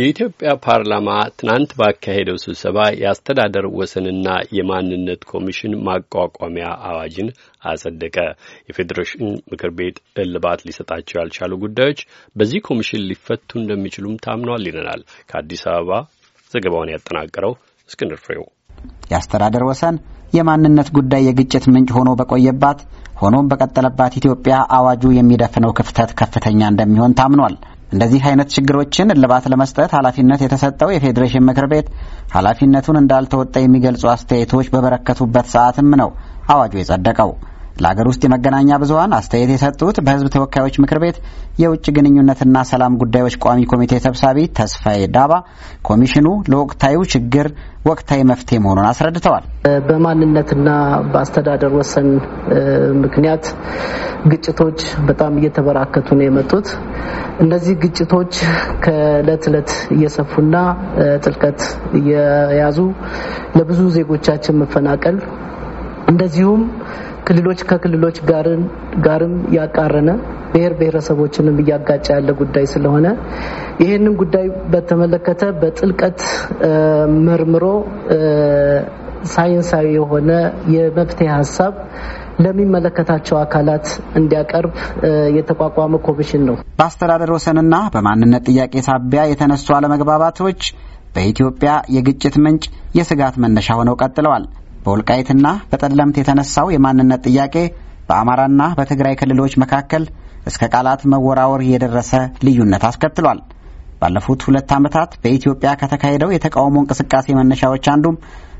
የኢትዮጵያ ፓርላማ ትናንት ባካሄደው ስብሰባ የአስተዳደር ወሰንና የማንነት ኮሚሽን ማቋቋሚያ አዋጅን አጸደቀ። የፌዴሬሽን ምክር ቤት እልባት ሊሰጣቸው ያልቻሉ ጉዳዮች በዚህ ኮሚሽን ሊፈቱ እንደሚችሉም ታምኗል ይለናል። ከአዲስ አበባ ዘገባውን ያጠናቀረው እስክንድር ፍሬው። የአስተዳደር ወሰን የማንነት ጉዳይ የግጭት ምንጭ ሆኖ በቆየባት ሆኖም በቀጠለባት ኢትዮጵያ አዋጁ የሚደፍነው ክፍተት ከፍተኛ እንደሚሆን ታምኗል። እንደዚህ አይነት ችግሮችን እልባት ለመስጠት ኃላፊነት የተሰጠው የፌዴሬሽን ምክር ቤት ኃላፊነቱን እንዳልተወጣ የሚገልጹ አስተያየቶች በበረከቱበት ሰዓትም ነው አዋጁ የጸደቀው። ለአገር ውስጥ የመገናኛ ብዙሀን አስተያየት የሰጡት በህዝብ ተወካዮች ምክር ቤት የውጭ ግንኙነትና ሰላም ጉዳዮች ቋሚ ኮሚቴ ሰብሳቢ ተስፋዬ ዳባ ኮሚሽኑ ለወቅታዊ ችግር ወቅታዊ መፍትሄ መሆኑን አስረድተዋል። በማንነትና በአስተዳደር ወሰን ምክንያት ግጭቶች በጣም እየተበራከቱ ነው የመጡት። እነዚህ ግጭቶች ከእለት እለት እየሰፉና ጥልቀት እየያዙ ለብዙ ዜጎቻችን መፈናቀል እንደዚሁም ክልሎች ከክልሎች ጋርም ያቃረነ ብሔር ብሔረሰቦችንም እያጋጨ ያለ ጉዳይ ስለሆነ ይህንን ጉዳይ በተመለከተ በጥልቀት መርምሮ ሳይንሳዊ የሆነ የመፍትሄ ሀሳብ ለሚመለከታቸው አካላት እንዲያቀርብ የተቋቋመ ኮሚሽን ነው። በአስተዳደር ወሰንና በማንነት ጥያቄ ሳቢያ የተነሱ አለመግባባቶች በኢትዮጵያ የግጭት ምንጭ፣ የስጋት መነሻ ሆነው ቀጥለዋል። በወልቃይትና በጠለምት የተነሳው የማንነት ጥያቄ በአማራና በትግራይ ክልሎች መካከል እስከ ቃላት መወራወር የደረሰ ልዩነት አስከትሏል። ባለፉት ሁለት ዓመታት በኢትዮጵያ ከተካሄደው የተቃውሞ እንቅስቃሴ መነሻዎች አንዱም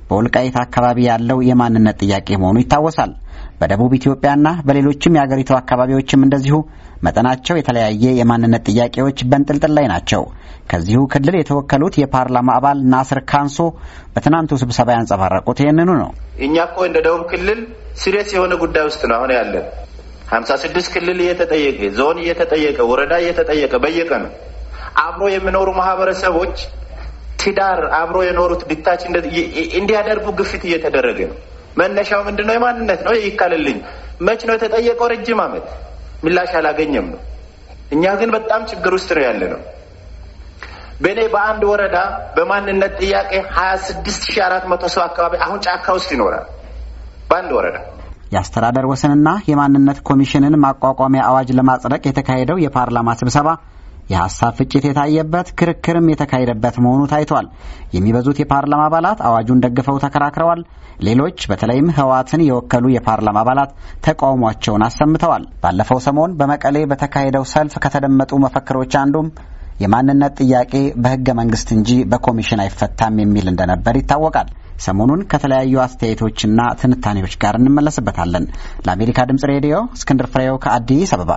በወልቃይት አካባቢ ያለው የማንነት ጥያቄ መሆኑ ይታወሳል። በደቡብ ኢትዮጵያና በሌሎችም የአገሪቱ አካባቢዎችም እንደዚሁ መጠናቸው የተለያየ የማንነት ጥያቄዎች በንጥልጥል ላይ ናቸው። ከዚሁ ክልል የተወከሉት የፓርላማ አባል ናስር ካንሶ በትናንቱ ስብሰባ ያንጸባረቁት ይህንኑ ነው። እኛ እኮ እንደ ደቡብ ክልል ሲሪየስ የሆነ ጉዳይ ውስጥ ነው አሁን ያለን። ሀምሳ ስድስት ክልል እየተጠየቀ ዞን እየተጠየቀ ወረዳ እየተጠየቀ ነው አብሮ የሚኖሩ ማህበረሰቦች ትዳር አብሮ የኖሩት ዲታች እንዲያደርጉ ግፊት እየተደረገ ነው። መነሻው ምንድነው? የማንነት ነው። ይካልልኝ መች ነው የተጠየቀው? ረጅም ዓመት ምላሽ አላገኘም ነው። እኛ ግን በጣም ችግር ውስጥ ነው ያለ ነው። በእኔ በአንድ ወረዳ በማንነት ጥያቄ ሀያ ስድስት ሺ አራት መቶ ሰው አካባቢ አሁን ጫካ ውስጥ ይኖራል። በአንድ ወረዳ የአስተዳደር ወሰንና የማንነት ኮሚሽንን ማቋቋሚያ አዋጅ ለማጽደቅ የተካሄደው የፓርላማ ስብሰባ የሀሳብ ፍጭት የታየበት ክርክርም የተካሄደበት መሆኑ ታይቷል። የሚበዙት የፓርላማ አባላት አዋጁን ደግፈው ተከራክረዋል። ሌሎች በተለይም ህወሓትን የወከሉ የፓርላማ አባላት ተቃውሟቸውን አሰምተዋል። ባለፈው ሰሞን በመቀሌ በተካሄደው ሰልፍ ከተደመጡ መፈክሮች አንዱም የማንነት ጥያቄ በህገ መንግስት እንጂ በኮሚሽን አይፈታም የሚል እንደነበር ይታወቃል። ሰሞኑን ከተለያዩ አስተያየቶችና ትንታኔዎች ጋር እንመለስበታለን። ለአሜሪካ ድምጽ ሬዲዮ እስክንድር ፍሬው ከአዲስ አበባ